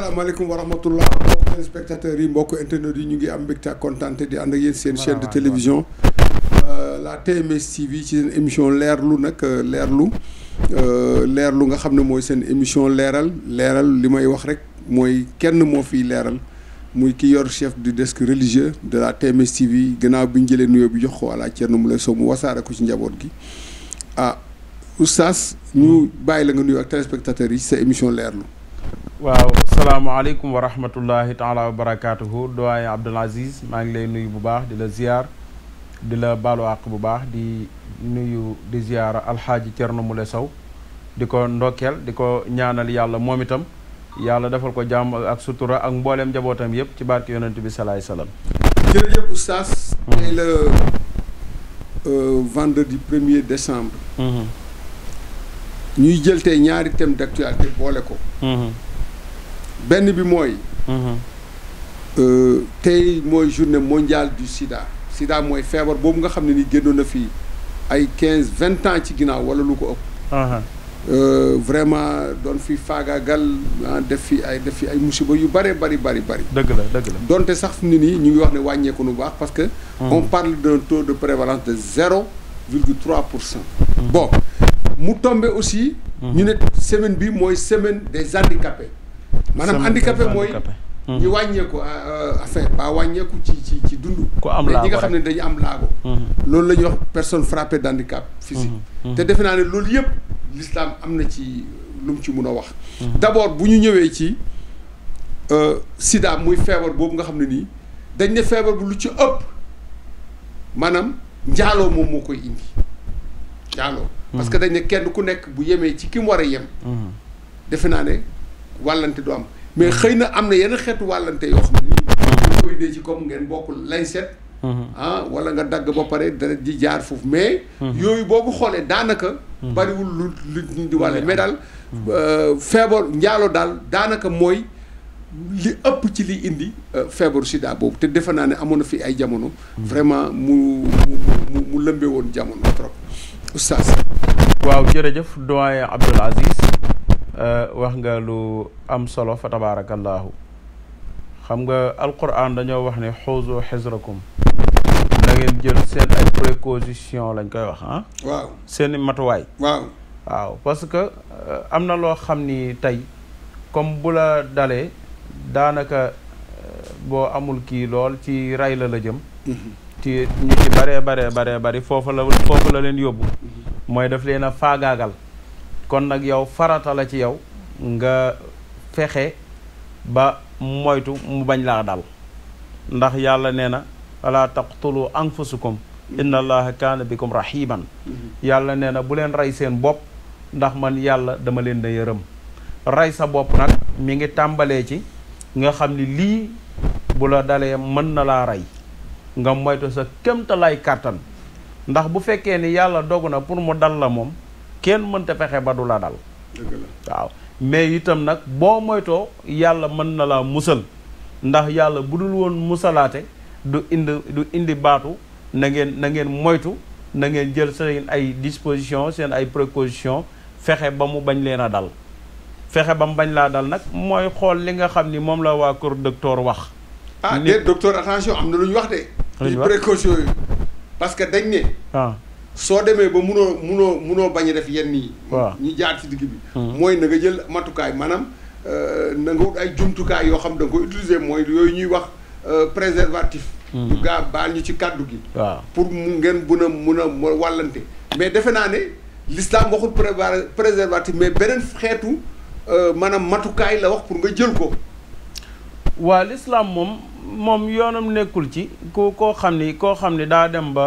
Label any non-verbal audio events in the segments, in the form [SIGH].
asalaamaaleykum wa rahmatullah mbokk yi mbokk internet yi ñu ngi am mbégte ak di ànd ak yéen seen chaîne de télévision euh, la TMS TV ci seen émission leerlu nag euh, leerlu euh, leerlu nga xam ne mooy seen émission leeral leeral li may wax rek mooy kenn moo fiy leeral muy kii yor chef di desk religieux de la TMS TV gannaaw bi ñu jëlee nuyoo bi jox ko walla mu Moule Sow mu wasaare ko ci njaboot gi ah oustaz ñu bàyyi la nga nuyu ak téléspectateurs yi sa émission leerlu waaw salaamaaleykum wa rahmatullahi taala wa barakaatuhu doyen Abdoul Aziz maa ngi lay nuyu bu baax di la ziar di la baalu àq bu baax di nuyu di ziar alxaaji na Moule saw di ko ndokkeel di ko ñaanal yàlla moom itam yàlla defal ko jàmm ak sutura ak mbooleem njabootam yëpp ci barke yonent bi salaay salaam. jërëjëf oustaz. Hmm. tey le euh, vendredi premier décembre. Hmm. ñuy jël tey ñaari thème d'actualité boole ko. Mhm. benn bi mooy. Mhm. Euh, tey mooy journée mondial du Sida. Sida mooy feebar boobu nga xam ne ni génnoon na fii ay quinze vingt ans ci ginnaaw wala lu ko ëpp. Euh, vraiment doon fi faagaagal ah, def fi ay def fi ay ba yu bëree bari bari bari dëgg la dëgg la donte sax nit ñi ñu ngi wax ne wàññeeku nu baax parce que. Mhm. on parle d'un taux de prévalence de zéro virgule trois pour cent. bon. mu tombe aussi. Mhm. ñu ne semaine bi mooy semaine des handicapés. maanaam handicapé mooy. Mhm. ñu wàññeeku euh, euh, affaire ba wàññeeku ci ci ci dund. ku am laago ñi nga xam ne dañu am laago. Mhm. loolu la ñuy wax personne frappée d' handicap physique. te defe naa ne loolu yëpp l'islam am na ci lu ci mun a wax. d' abord bu ñu ñëwee ci euh, sida muy feebar boobu nga xam ne nii dañ ne feebar bu lu ci ëpp maanaam njaaloo moom moo koy indi njaaloo. parce que dañ ne kenn ku nekk bu yemee ci ki mu war a yem. defe naa ne wàllante du am mais xëy na am na yenn xeetu wàllante yoo xam ne koy dee ci comme ngeen bokkul lañ set. ah wala nga dagg ba pare dara di jaar foofu mais. yooyu boo ko xoolee daanaka. bariwul lu lu ñu di wàlle mais daal. Euh, feebar njaalo daal daanaka mooy li ëpp ci li indi euh, feebaru sida boobu te defe naa ne amoon na fi ay jamono. vraiment mu mu mu lëmbee woon jamono trop. oustaz. waaw jërëjëf doyen Abdoul Aziz euh, wax nga lu am solo fa tabaarakallaahu xam nga alquran dañoo wax ne xuusu xisrakum na ngeen jël seen ay précaution lañ koy wax ah. waaw matuwaay. waaw parce que euh, am na loo xam ni tey comme bu la dalee daanaka euh, boo amul kii lool ci ray la la jëm. Mhm. ci ñu ci bëree baree baree bëri foofu la leen yóbbu mooy def leen a faagaagal kon nag yow farata la ci yow nga fexe ba moytu mu bañ laa dal ndax yàlla nee na wala taqtulu anfusukum inna allaha kaana bikum rahiman yàlla nee na bu leen rey seen bopp ndax man yàlla dama leen da yërëm rey sa bopp nag mi ngi tàmbalee ci nga xam ni lii bu la dalee mën na laa rey nga moytu sa kémtalaay kàttan ndax bu fekkee ni yàlla dogu na pour mu dal la moom kenn mënta fexe ba du la dal waaw mais itam nag boo moytoo yàlla mën na laa musal ndax yàlla bu dul woon musalaate du indi du indi baatu na ngeen na ngeen moytu na ngeen jël seen ay disposition seen ay précaution fexe ba mu bañ leen a dal fexe ba mu bañ laa dal nag mooy xool li nga xam ni moom la waa kër docteur wax ah déet docteur attention am na lu ñu li précaution yi parce que dañ ne. Ah. soo demee ba munoo munoo munoo bañ a def yenn yi. waaw ñu jaar ci digg bi. Hmm. mooy na nga jël matukaay maanaam euh, na nga wut ay jumtukaay yoo xam da nga koy utiliser mooy yooyu ñuy wax euh, préservatif. du hmm. gaa baal ñu ci kàddu gi. waaw pour mu ngeen mun a mun a wàllante. mais defe naa ne l'islam waxul préservatif mais beneen xeetu euh, maanaam matukaay la wax pour nga jël ko. waa lislaam moom moom yoonam nekkul ci ku koo xam ni koo xam ni daa dem ba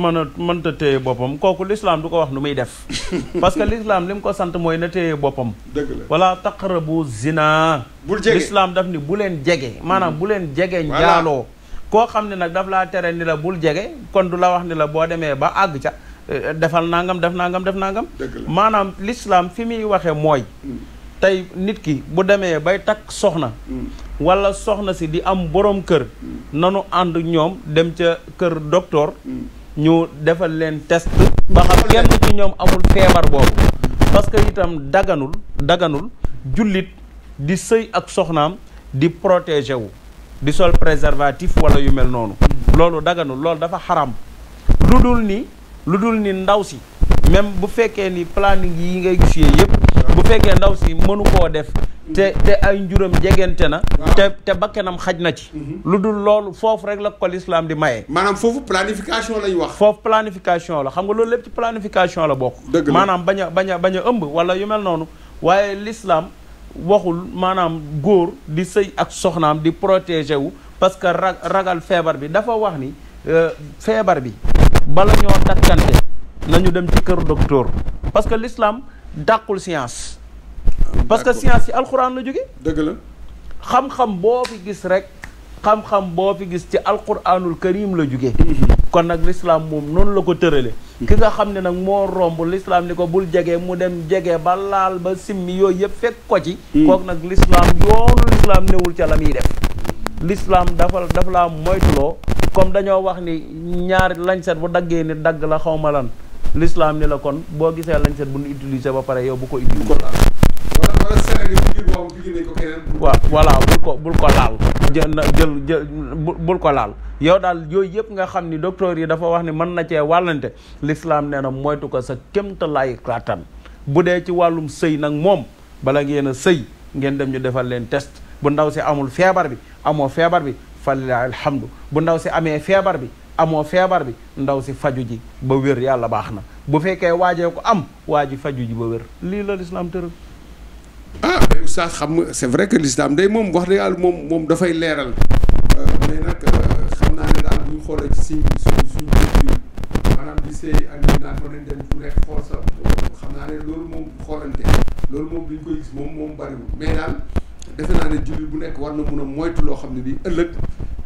mën mënta téye boppam kooku lislaam du ko wax nu muy def [LAUGHS] parce que lislaam li mu ko sant mooy na téye boppam dëgg la wala taqrabu bul jege lislaam daf ni bu leen jege maanaam bu leen jege njaaloo koo xam ne nag daf laa tere ni la bul jege kon du la wax ni la boo demee ba àgg ca eh, defal nangam def nangam def nangam maanaam lislaam fi muy waxe mooy hmm. tey nit ki bu demee bay takk soxna mm. wala soxna si di am borom kër mm. nanu ànd ñoom dem ca kër docteur mm. ñu defal leen test ba xam kenn ci ñoom amul feebar boobu parce que itam daganul daganul jullit di sëy ak soxnaam di protéger wu di sol préservatif wala yu mel noonu loolu daganul loolu dafa xaram lu dul ni lu dul ni ndaw si même bu fekkee ni planning yi ngay gis yëpp bu fekkee ndaw si mënu koo def te ay njuram jegente na te te bakkanam xaj na ci mhm. lu dul loolu foofu rek la ko lislaam di maye maanaam foofu planification lañ wax foofu planification la xam nga loolu lépp ci la bokk maanaam bañ a bañ a bañ a ëmb wala yu mel noonu waaye lislaam waxul maanaam góor di sëy ak soxnaam di protéger wu parce que ragal feebar bi dafa wax ni euh, feebar bi bala ñoo takkante nañu dem ci kër docteur parce que l'islam dàqul science. parce que science ci alxuraan la jóge dëgg xam-xam boo fi gis rek. xam boo fi gis ci alxuraanul karim la jóge mhm. kon nag lislaam moom noonu la ko tërale ki nga xam ne nag moo romb lislaam ni ko bul jege mu dem jege ba laal ba simmi yooyu yëpp fekk ko ci mhm. kooku nag l'islam yoonu l'islam newul ca la muy def lislaam dafa dafa laa moytuloo comme dañoo wax ni ñaari lañset bu daggee ni dagg la xaw ma lan lislaam ni la kon boo gisee lañset bu nu utiliser ba pare yow bu ko utiliser waaw voilà bul ko bul ko laal jël jël bul ko laal yow daal yooyu yëpp nga xam ni docteur yi dafa wax ni mën na cee wàllante lislaam nee na moytu ko sa kémta laay kàttan bu dee ci wàllum sëy nag moom bala ngeen a sëy ngeen dem ñu defal leen test bu ndaw si amul feebar bi amoo feebar bi falilahi alhamdu bu ndaw si amee feebar bi amoo feebar bi ndaw si faju ji ba wér yàlla baax na bu fekkee waajee ko am waa ji faju ji ba wér lii la lislaam tëral ah mais oustaz xam nga c'est que l'islam day moom wax dëgg yàlla moom moom dafay leeral euh, mais nag euh, xam naa ne daal bu ñu xoolee ci suñ suñ suñ culture maanaam di sëy ak ñu naan ko nañ dem ku nekk xool sa xam naa ne loolu moom xoolante loolu moom duñ koy gis moom bariwul mais daal defe naa ne jullit bu nekk war na mun a moytu loo xam ne nii ëllëg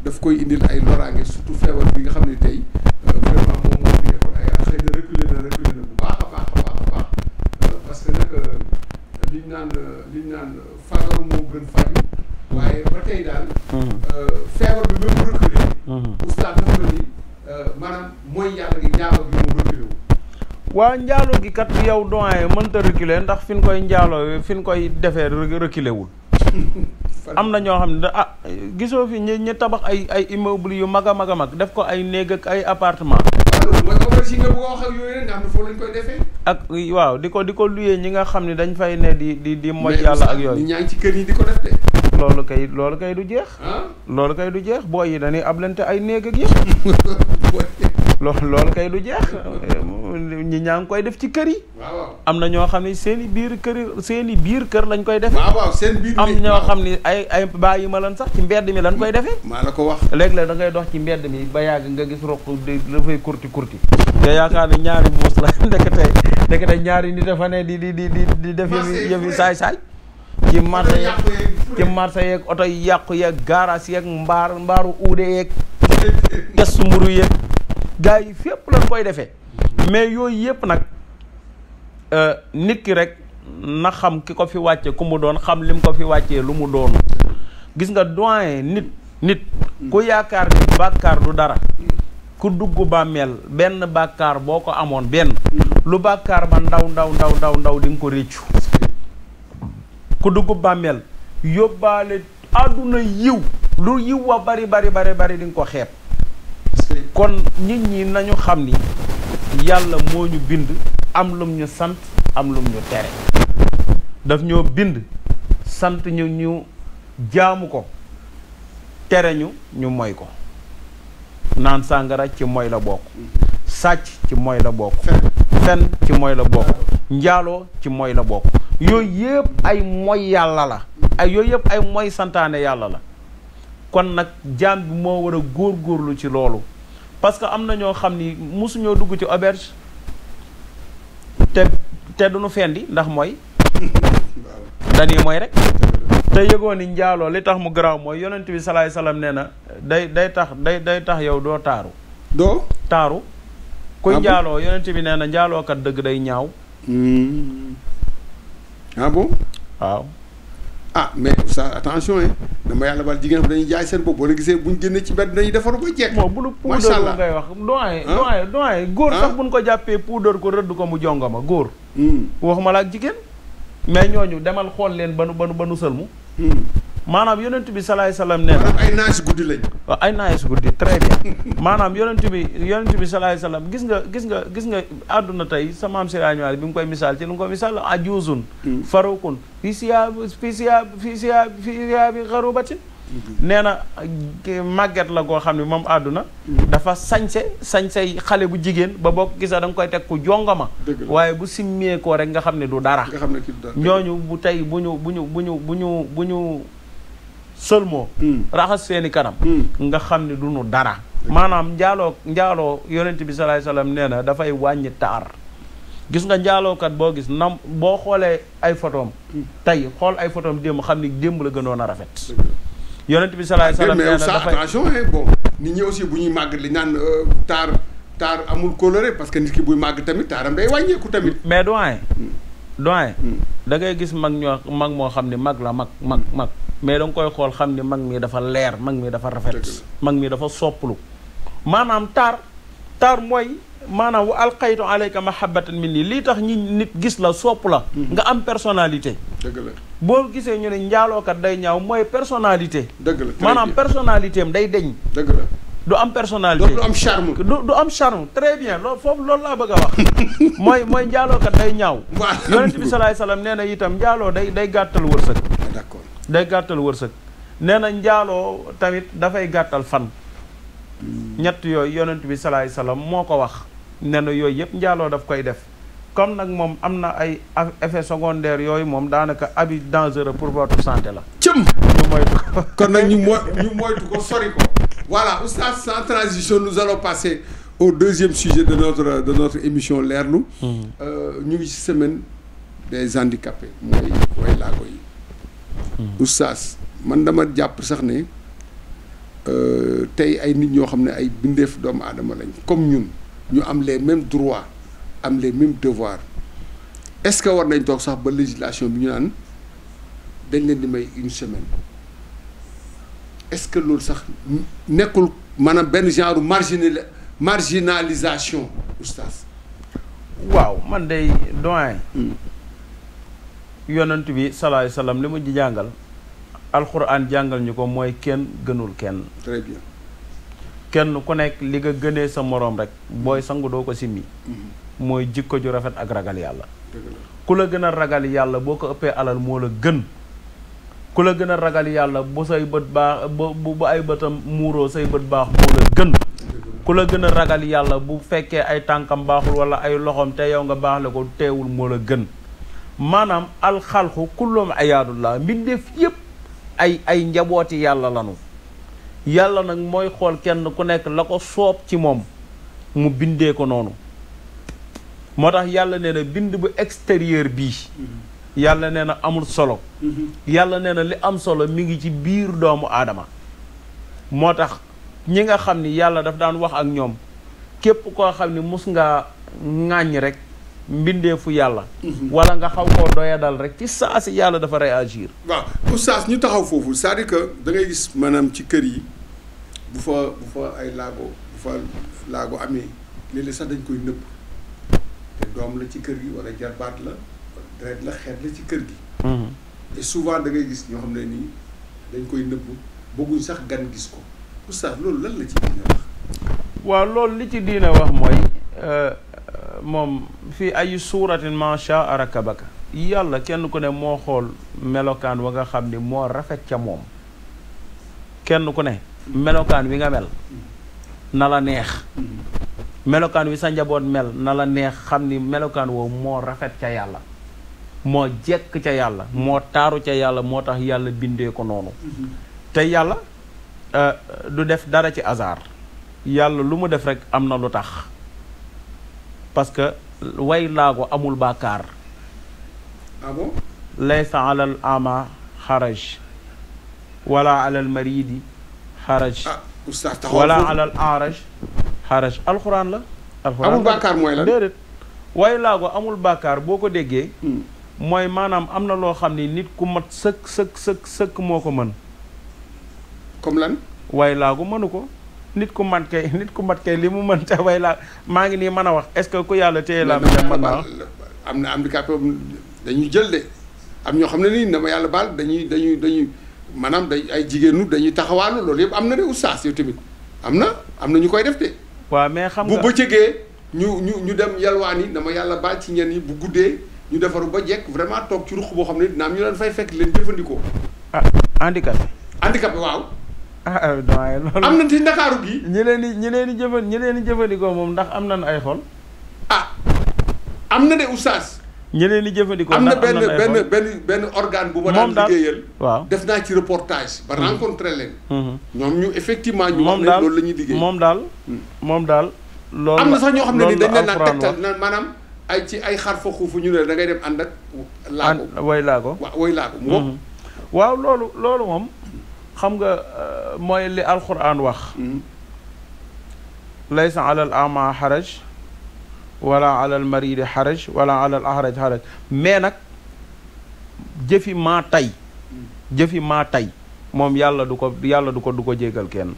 daf koy indil ay loraange surtout feebar bi nga xam ne tey euh, vraiment moom parce que nag naan euh, liñ naan euh, fagaru waaye ba tey mm-hmm. feebar bi même bu reculer. Mm-hmm. oustaz dafa mel ni maanaam mooy yàlla gi njaalo gi moom reculer wu. waaw njaalo gi kat mënta reculer ndax fi nu koy njaaloo fi nu koy defee reculer wul. am na ñoo xam ne ah gisoo fi ñu ñu tabax ay ay immeuble yu mag a mag a mag def ko ay néeg ay apartement ak waaw di ko di ko luyee ñi nga xam ne dañ fay ne di di di moj yàlla ak yooyu ñaa ngi ci kër yi ko def de loolu kay loolu kay du jeex ah? loolu kay du jeex boo yi dañuy ablante ay néeg ak [LAUGHS] loolu kay du jeex ah. eh, ñi ñaa ngi koy def ci kër yi. am na ñoo xam ne seen i biir kër seen biir kër lañ koy defee. waaw seen biir am ñoo xam ni ay ay bàyyi ma lan sax ci mbedd mi lañ koy defee. maa la ko wax. léeg-léeg da ngay dox ci mbedd mi ba yàgg nga gis roq di dafay kurti kurti. te yaakaar na ñaari muus la ndeketey [LAUGHS] ndeketey ñaari nit dafa ne di di di di di def yëfi saay saay. ci marché yeeg ci marché yeeg oto yàqu yeeg gaaras yeeg mbaar mbaaru uude yeeg. tes mburu yeeg. gars yi fépp lañ koy defee. mais yooyu yëpp nag euh, nit ki rek na xam ki ko fi wàcce ku mu doon xam lim ko fi wàccee lu mu doon gis nga doyen nit nit ku yaakaar ni bàkkaar du dara ku dugg bàmmeel benn bàkkaar boo ko amoon benn lu bàkkaar ba ndaw ndaw ndaw ndaw ndaw di nga ko réccu ku dugg bàmmeel yóbbaale àdduna yiw lu yiw wa bari bari bari bari di nga ko xeet kon nit ñi nañu xam ni yàlla moo ñu bind am lum ñu sant am lum ñu tere daf ñoo bind sant ñu ñu jaamu ko tere ñu ñu moy ko naan sàngara ci moy la bokk sàcc ci moy la bokk fen ci moy la bokk njaaloo ci moy la bokk yooyu yëpp ay moy yàlla la ay yooyu yëpp ay moy santaane yàlla la kon nag jaam bi moo war a góorgóorlu ci loolu parce que am na ñoo xam ni mosuñoo dugg ci auberge te te duñu fendi ndax mooy [LAUGHS] dañuy mooy rek te yëgoon njaaloo li tax mu garaaw mooy yonent bi salaay salaam nee na day day tax day day tax yow doo taaru doo taaru kuy ah njaaloo yonent bi nee na njaalookat dëgg day ñaaw hmm. ah waaw ah mais ça attention hein dama yàlla baal jigéen ñi dañuy jaay seen bopp boo la gisee buñ génnee ci mbedd dañuy defaru ba jekk. macha allah ngay wax doyen. Ah? doyen doyen góor sax ah? buñ ko jàppee puudar ko rëdd ko mu jongama góor. Hmm. waxuma la ak jigéen. mais ñooñu demal xool leen ba nu ba nu ba nu sëlmu. Hmm. maanaam yonent bi salaay salaam nee na ay naaj guddi lañ waaw ay naaj guddi très bien maanaam yonent bi yonent bi salaay salaam gis nga gis nga gis nga àdduna tey sa maam Siraañ Waali bi mu koy misaal ci lu mu koy misaal ajuusun hmm. farukun fii siyaa fii siyaa fii siyaa fii siyaa bi xarubatin hmm. nee na màgget la goo xam ne moom àdduna hmm. dafa sañse sañse xale bu jigéen ba boo gisa da nga koy teg ku jongama waaye bu simmee rek nga xam ne du dara ñooñu bu tey bu ñu bu ñu bu ñu bu ñu bu ñu seulement. Hmm. raxas seeni kanam. Hmm. nga xam ne du nu dara. maanaam njaaloo njaaloo yonent bi salaay salaam nee na dafay wàññi taar. gis nga njaalookat boo gis nam boo xoolee ay photom hmm. tey xool ay photom démb xam ni démb la gënoon a rafet. yonent bi salaay salaam ah, nit ñi aussi bu ñuy màgg li naan euh, taar taar amul coloré parce que nit ki buy màgg tamit taaram day wàññeeku tamit. mais doyen. doyen. da ngay gis mag ñoo mag moo xam ne mag la mag mag mag. mais da nga koy xool xam ni mag mi dafa leer mag mi dafa rafet mag mi dafa sopplu maanaam taar taar mooy maanaam wa alqaytu alayka mahabbatan minni lii tax ñi nit gis la sopp la mhm. nga am personnalité dëgg la boo gisee ñu ne njaalookat day ñaaw mooy personnalité dëgg la maanaam personnalité am day deñ dëgg du am personnalité du am charme du am charme très bien loolu foofu loolu laa bëgg a wax [LAUGHS] mooy mooy njaalookat day ñaaw yonent bi salaay salaam nee na itam njaaloo day day gàttal wërsëg day gàttal wërsëg nee na njaaloo tamit dafay gàttal fan hmm. ñett yooyu yonent bi salaay salaam moo ko wax nee na yooyu yëpp njaaloo daf koy def comme nag moom am na ay effet secondaire yooyu moom daanaka abi dangereux pour votre sante la cëm ñu moytu ko kon nag ñu moy ñu moytu ko sori ko voilà oustaz sans transition nous allons passer au deuxième sujet de notre de notre émission leerlu hmm. euh, ñu ngi ci semaine des handicapés mooy way laago oustaz man dama jàpp sax ne euh, tey ay nit ñoo xam ne ay bindeef doomu aadama lañ comme ñun ñu am les mêmes droit am les mêmes devoirs est-ce que war nañ toog sax ba législation bi ñu naan dañ leen di may une semaine est-ce que loolu sax nekkul maanaam benn genre marginal marginalisation oustaz waaw man day yonent bi salaay salaam li mu ji jàngal alxuraan jàngal ñu ko mooy kenn gënul kenn. kenn ku nekk li nga gënee sa moroom rek mm-hmm. booy sangu doo ko simmi. Mm-hmm. mooy jikko ju rafet ak ragal yàlla. ku la gën a ragal yàlla boo ko ëppee alal moo la gën. ku la gën a ragal yàlla bu say bët baax bu bu ay bëtam muuroo say bët baax moo la gën. ku la gën a ragal yàlla bu fekkee ay tànkam baaxul walla ay loxoom te yow nga baax la ko teewul moo la gën. maanaam alxalqu kullum ayaadullah mbindeef yépp ay ay njabooti yàlla lanu yàlla nag mooy xool kenn ku nekk la ko soob ci moom mu bindee ko noonu moo tax yàlla nee na bind bu extérieur bii mm-hmm. yàlla nee na amul solo mm-hmm. yàlla nee na li am solo mi ngi ci biir doomu aadama moo tax ñi nga xam ni yàlla daf daan wax ak ñoom képp koo xam ni mus ngaa ŋàññ rek mbindeefu yàlla. Mhm. wala nga xaw koo doya rek ci saa si yàlla dafa réagir. waa oustaz ñu taxaw foofu c'est-à-dire que da ngay gis maanaam ci kër yi bu fa bu fa ay laago bu fa laago amee léeg sax dañ koy nëbb te doom la ci kër gi wala jarbaat la deret la xeet la ci kër gi. Mhm. et souvent da gis ñoo xam ne nii dañ koy nëbb bëgguñ sax gan gis ko oustaz loolu lan la ci diine wax. waaw loolu li ci diine wax mooy. Euh, moom fii ay suuratin macha rakabaka yàlla kenn ku ne moo xool melokaan wa nga xam ni moo rafet ca moom kenn ku ne melokaan wi nga mel na la neex melokaan wi sa njaboot mel na la neex xam ni melokaan woowu moo rafet ca yàlla moo jekk ca yàlla moo taaru ca yàlla moo tax yàlla bindee ko noonu te yàlla euh, du def dara ci hasard yàlla lu mu def rekk am na lu tax parce que way laago amul bàkkaar ah bon laysa alal ama xaraj wala alal maridi xaraj ah, wala alal araj xaraj alxuraan la alxuraan amul bàkkaar mooy lan déedéet way laago amul bàkkaar boo ko déggee hmm. mooy maanaam am na loo xam ni nit ku mat sëkk sëkk sëkk sëkk moo ko mën comme lan way laago mënu ko nit ku man kay nit ku mat kay li mu mën ca way laa maa ngi nii mën a wax est-ce que ku yàlla téye laa mën naa am na handicapé dañuy jël de am ñoo xam ne nii na ma yàlla baal dañuy dañuy dañuy maanaam dañ ay jigéenu dañuy taxawaalu loolu yëpp am na de oustaz yow tamit am na am na ñu koy def de. waaw mais xam nga bu jegee ñu ñu ñu dem yalwaan yi na ma yàlla baal ci ñenn yi bu guddee ñu defaru ba jekk vraiment toog ci ruq boo xam ne dina am ñu leen fay fekk leen jëfandikoo. ah handicapé. handicapé waaw. ah, ah loolu am na ci ndakaaru gi. ñi leen di ñi leen di jëfand ñi leen jëfandikoo moom ndax am na nañ ay xol. ah am na de oustaz. ñi leen di jëfandikoo am na benn benn benn benn organe bu ma daan liggéeyal. waaw def naa ci reportage. ba hmm. rencontré leen. Hmm. ñoom ñu effectivement. ñu wax loolu la ñuy liggéey moom daal hmm. moom daal. loolu am na sax ñoo xam ne ni dañ leen naan tegtal na maanaam. ay ci ay xar fa xuufu ñu ne da ngay dem ànd ak. laa ko laago. waaw way moom waaw loolu loolu moom. xam nga euh, mooy li alquran wax mm-hmm. laysa ala al ama xaraj wala ala maridi xaraj wala ala al ahraj xaraj mais nag jëfi maa tey mm-hmm. jëfi maa tay moom yàlla du ko yàlla du ko du ko jéggal kenn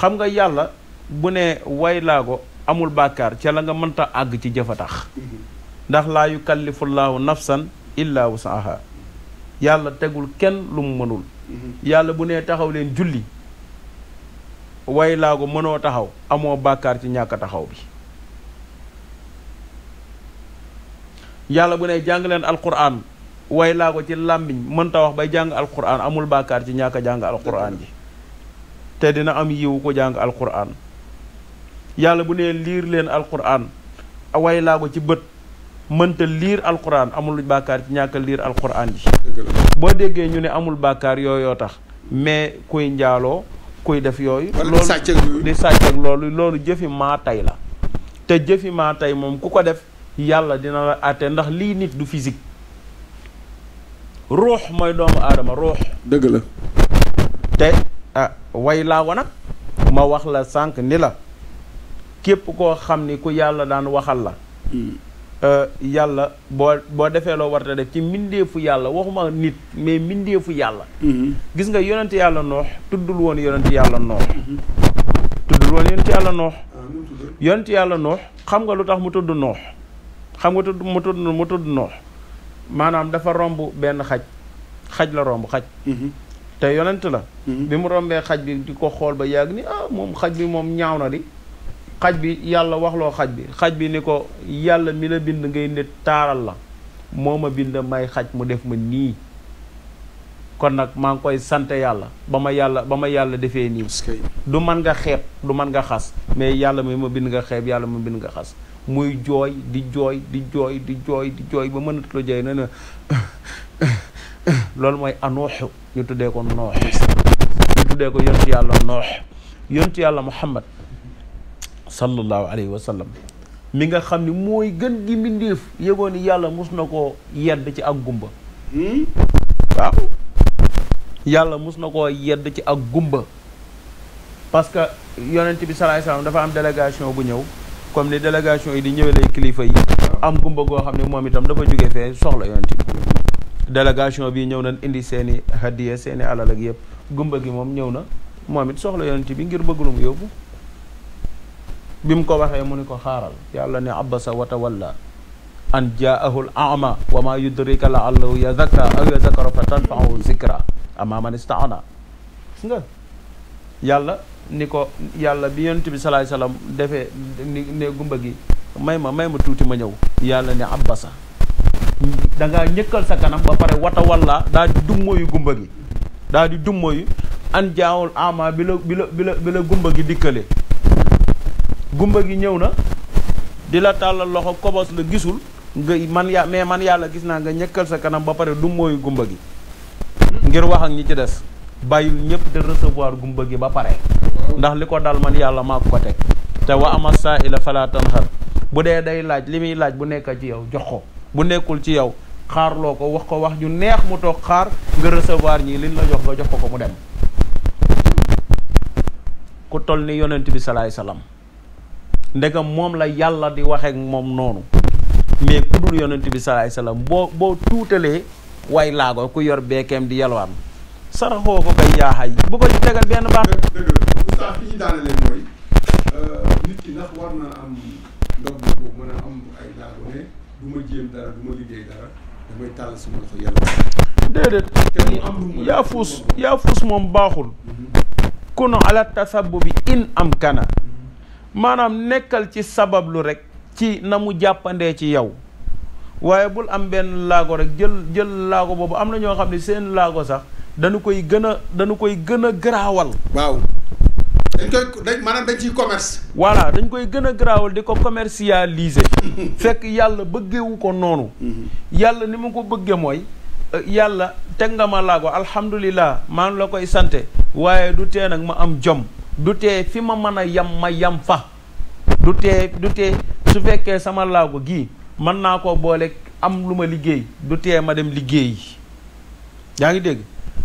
xam nga yàlla bu ne way laa ko amul bàkkaar ca la nga mënta àgg ci jëfa tax mm-hmm. ndax laa yukallifullaahu nafsan illaa wusaha yàlla tegul kenn lu mu mënul yàlla bu nee taxaw leen julli way mënoo taxaw amoo bàkkaar ci ñàkk taxaw bi yàlla bu ne jàng leen alquran way laa ko ci làmmiñ mënta wax bay jàng alquran amul bàkkaar ci ñàkk jàng alquran ji te dina am yiwu ko jàng alquran yàlla bu ne liir leen alquran way laa ko ci bët mënta liir alquran amul bàkkaar ci ñàkk liir alquran ji boo déggee ñu ne amul bàkkaar yooyoo tax mais kuy njaaloo kuy def yooyu loolu di sàcc ak loolu loolu jëfi maa tey la te jëfi maa tey moom ku ko def yàlla dina la àtte ndax lii nit du fisik ruux mooy doomu aadama ruux dëgg la te ah, way laa wa ma wax la sànq ni la képp koo xam ni ku yàlla daan waxal la hmm. Euh, yàlla boo boo defee loo warta def ci mbindeefu yàlla waxuma nit mais mbindeefu yàlla mm-hmm. gis nga yonent yàlla noox tuddul woon yonent yàlla noox mm-hmm. tuddul woon ah, yonent yàlla noox xam nga lu tax mu tudd noox xam nga tudd mu tudd mu noox maanaam dafa romb benn xaj xaj la romb xaj mm-hmm. te yonent la bi mu rombee xaj bi di ko xool ba yàgg ni ah moom xaj bi moom ñaaw na di xaj bi yàlla waxloo xaj bi xaj bi ni ko yàlla mi la bind ngay nit taaral la moo ma bind may xaj mu def ma nii kon nag maa ngi koy sant yàlla ba ma yàlla ba ma yàlla defee nii du man nga xeeb du man nga xas mais yàlla mi ma bind nga xeeb yàlla ma bind nga xas muy jooy di jooy di jooy di jooy di jooy ba mënatula jooy na ne [COUGHS] loolu mooy anuuxu ñu tuddee ko noox ñu tuddee ko yontu yàlla noox yontu yàlla muhammad sallallahu alayhi wa sallam mi nga xam ni mooy gën gi mbindéef yëgoon yàlla mus na koo yedd ci ak gumba hmm? waaw yàlla mus na koo yedd ci ak gumba parce que yonent bi salaay salaam dafa am délégation bu ñëw comme ni délégation yi di ñëwee lay kilifa yi am gumba goo xam ne moom itam dafa jóge fee soxla yonent bi délégation bii ñëw na indi seeni i hadiya seen alal ak yëpp gumba gi moom ñëw na moom it soxla yonent bi ngir bëgg lu mu yóbbu bi mu ko waxee mu ni ko xaaral yàlla ne abasa watawalla an jaahul ama wa ma yudrika la allahu yazakka aw yazakkaru fa tanfaahu zikra ama man istaana gis nga yàlla ni ko yàlla bi yonent bi salaay salaam defee ne gumba gi may ma may ma tuuti ma ñëw yàlla ne abasa da ngaa ñëkkal sa kanam ba pare wata walla daal di gumba gi daal di dummóoyu an jaahul ama bi la gumba gi dikkale gumba gi ñëw na di la tàllal loxo kobos la gisul man ya mais man yàlla gis naa nga ñëkkal sa kanam ba pare du mooyu gumba gi ngir wax ñi ci des bàyyil ñëpp te recevoir gumba gi ba pare ndax li ko dal man yàlla maa ko teg te wa ama saa ila fala tanhar bu dee day laaj li muy laaj bu nekk ci yow jox ko bu nekkul ci yow xaarloo ko wax ko wax ñu neex mu toog xaar nga recevoir ñii liñ la jox nga jox ko ko mu dem ku toll ni yonent bi salaay salaam ndegam moom la yàlla di waxeek moom noonu mais ku dul yonent bi salaay salaam boo boo tuutalee way laago ku yor beekeem di yalwaan saraxoo ko kay yaaxay bu ko ci tegal benn baax dëgg la saa fi ñu daanalee mooy euh, nit ki ndax war na am ndog na ko mën a am ay laago ne du ma jéem dara du ma liggéey dara damay tàll suma loxo yàlla déedéet yaa fuus yaa fuus moom baaxul mhm. kunu ala tasabbu bi in am kana mhm. maanaam nekkal ci sabablu rek ci na mu jàppandee ci yow waaye bul am benn laago rek jël jël laago boobu am na ñoo xam ne seen laago sax dañu koy gën a dañu koy gën a garaawal. waaw dañ koy dañ maanaam dañ ciy commerce. voilà dañ koy gën a garaawal di ko commercialiser. [LAUGHS] fekk yàlla bëggewu ko noonu. Mhm. yàlla ni mu ko bëggee mooy. Eh, yàlla teg nga ma laago alhamdulilah maan la koy sante waaye du tee nag ma am jom. du tee fi ma mën a yam ma yam fa du tee du tee su fekkee sama laago gii mën naa ko boole am lu ma liggéey du tee ma dem liggéey yaa ngi dégg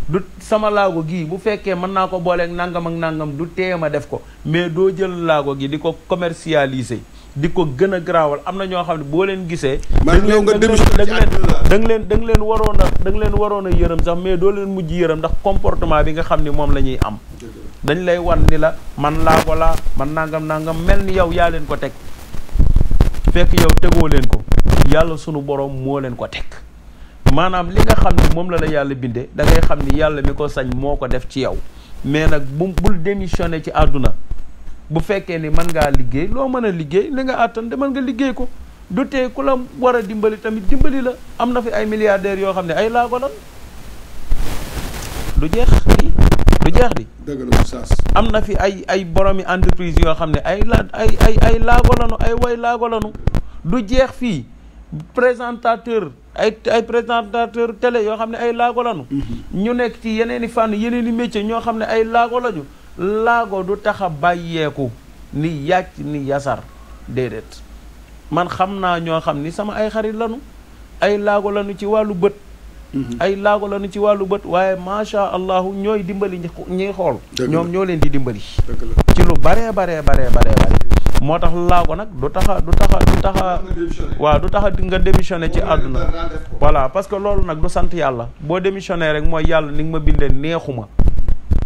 du sama laago gii bu fekkee mën naa ko booleeg nangam ak nangam du tee ma def ko mais doo jël laago gi di ko commercialiser di ko gën a garaawal am na ñoo xam ne boo leen gisee. man ñëw nga démissionné leen da leen waroon a da leen waroon a yërëm sax mais doo leen mujj yërëm ndax comportement bi nga xam ni moom la ñuy am. dañ lay wan ni la man laa ko man nangam nangam mel ni yow yaa leen ko teg fekk yow tegoo leen ko yàlla sunu borom moo leen ko teg. maanaam li nga xam moom la la yàlla bindee da ngay xam ni yàlla mi ko sañ moo ko def ci yow mais nag bu bul démissionné ci àdduna bu fekkee ni man ngaa liggéey loo mën a liggéey li nga àttan de mën nga liggéey ko du tee ku la war a dimbali tamit dimbali la am na fi ay milliardaires yoo xam ne ay laago lan du jeex di du jeex di am na fi ay ay boromi entreprise yoo xam ne ay la ay ay ay lanu ay way laago lanu du jeex fii présentateur ay ay présentateur télé yoo xam ne ay laago lanu mm-hmm. ñu nekk ci yeneen i fànn yeneen i métier ñoo xam ne ay laago lañu laago du tax a bàyyeeku ni yàcc ni yasar déedéet man xam naa ñoo xam ni sama ay xarit lanu ay laago lanu ci wàllu bët mm-hmm. ay laago lanu ci wàllu bët waaye macha allahu ñooy dimbali ñiy xool ñoom ñoo leen di dimbali ci lu baree bare baree baree bare moo tax laago nag du taxa du taxa du taxa waaw du taxa nga démissionné ci àdduna voilà parce que loolu nag du sant yàlla boo démissionné rek mooy yàlla ni nga ma bindee neexuma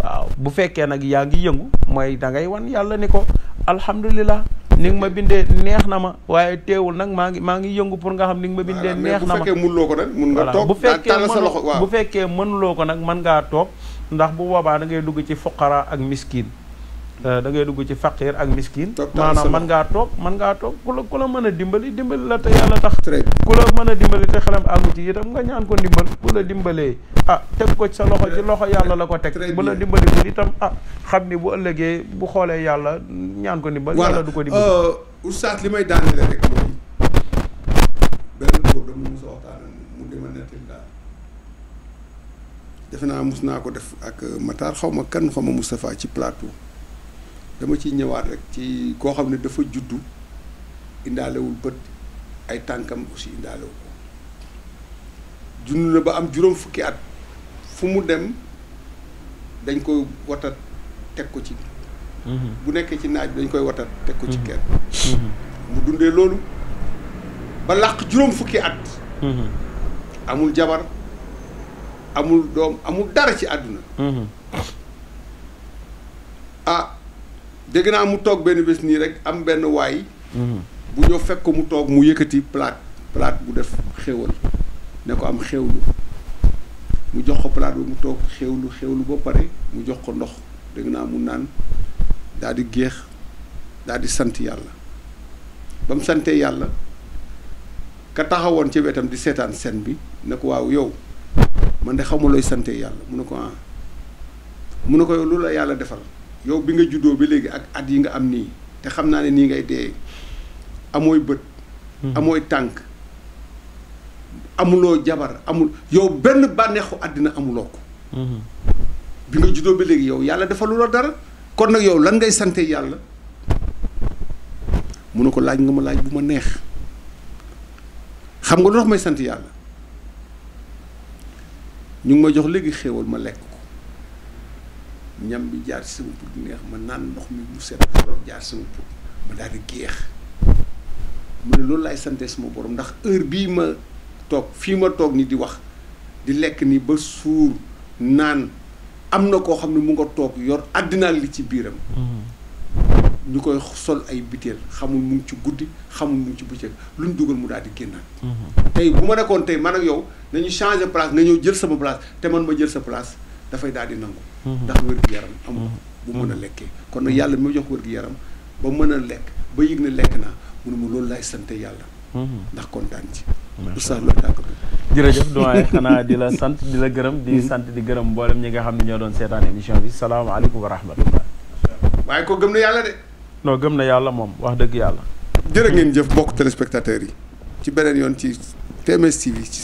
waaw bu fekkee nag yaa ngi yëngu mooy da ngay wan yàlla ni ko alhamdulilah ni nga ma bindee neex na ma waaye teewul nag maa ngi maa ngi yëngu pour nga xam ni nga ma bindee neex na ma bu fekkee mënuloo ko nag mun nga toog bu fekkee mënuloo bu fekkee mënuloo ko nag mën ngaa toog ndax bu boobaa da ngay dugg ci fuqara ak miskin Euh, da ngay dugg ci faqiir ak miskin maanaam man ngaa toog man ngaa toog ku la mën a dimbali dimbali la te yàlla tax ku la mën a dimbali te xelam àggu ci itam nga ñaan ko ndimbal bu la dimbalee ah teg ko ci sa loxo ci loxo yàlla la ko teg bu la dimbali bu itam ah xam ni bu ëllëgee bu xoolee yàlla ñaan ko ndimbal yàlla du ko dimbali euh, oustaz li may daanele rek mooy benn góor dama mos a waxtaan defe naa mos naa ko def ak Matar xaw ma kan xaw ma Moustapha ci plateau dama ciy ñëwaat rek ci koo xam ne dafa juddu indaalewul bët ay tànkam aussi indaalewu ko junn na ba am juróom fukki at fu mu dem dañ koy watat teg ko ci mhm. bu nekkee ci naaj bi dañ koy watat teg ko ci mhm. kenn mhm. mu dundee loolu ba làq juróom fukki at amul jabar amul doom amul dara ci àdduna dégg naa mu toog benn bés nii rek am benn waay. bu ñëw fekk ko mu toog mu yëkkati palaat palaat bu def xéwal ne ko am xew xéwlu mu jox ko palaat bi mu toog xew lu ba pare mu jox ko ndox dégg naa mu naan daal di géex daal di sant yàlla ba mu santee yàlla ka taxawoon ci wetam di seetaan seen bi ne ko waaw yow man de xamulooy sante yàlla mun ne ko ah mu ne ko yow lu la yàlla defal. yow bi nga juddoo bi léegi ak at yi nga am nii te xam naa ne nii ngay dee amooy bët. Hmm. amooy tànk amuloo jabar amul yow benn bànneexu àddina amuloo ko. Hmm. bi nga juddoo bi léegi yow yàlla dafa dara kon nag yow lan ngay sante yàlla mu ne ko laaj nga ma laaj bu ma neex xam nga lu tax may sant yàlla ñu ngi ma jox léegi xéewal ma lekk. ñam bi jaar ci sama put neex ma naan ndox mi bu set jaar sama ma daal mu ne loolu laay sante sama borom ndax heure bii ma toog fii ma toog ni di wax di lekk ni ba suur naan am na koo xam ne mu toog yor àddina li ci biiram mm-hmm. ñu koy sol ay biteel xamul mu ci guddi xamul mu ci bëccëg lu ñu dugal mu daal di génnaat mm-hmm. tey bu ma nekkoon tey man ak yow nañu changer place nga ñëw jël sama place te man ma jël sa place dafay daal di nangu mm-hmm. ndax wér-gu-yaram amul mm-hmm. bu mën a mm-hmm. lekkee kon nag yàlla mi jox wér-gu-yaram mën a lekk ba yëg lekk naa munu mu loolu laay sante yàlla ndax kontaan ci oustaz loolu tàkkatu jërëjëf doyen [LAUGHS] xanaa di la sant di la gërëm di sant di gërëm mboolem ñi nga xam ne ñoo doon seetaan émission bi salaamaaleykum wa rahmatullah waaye ko gëm na yàlla de non gëm na yàlla moom wax dëgg yàlla jërë ngeen jëf mbokk téléspectateurs yi ci beneen yoon ci TMS TV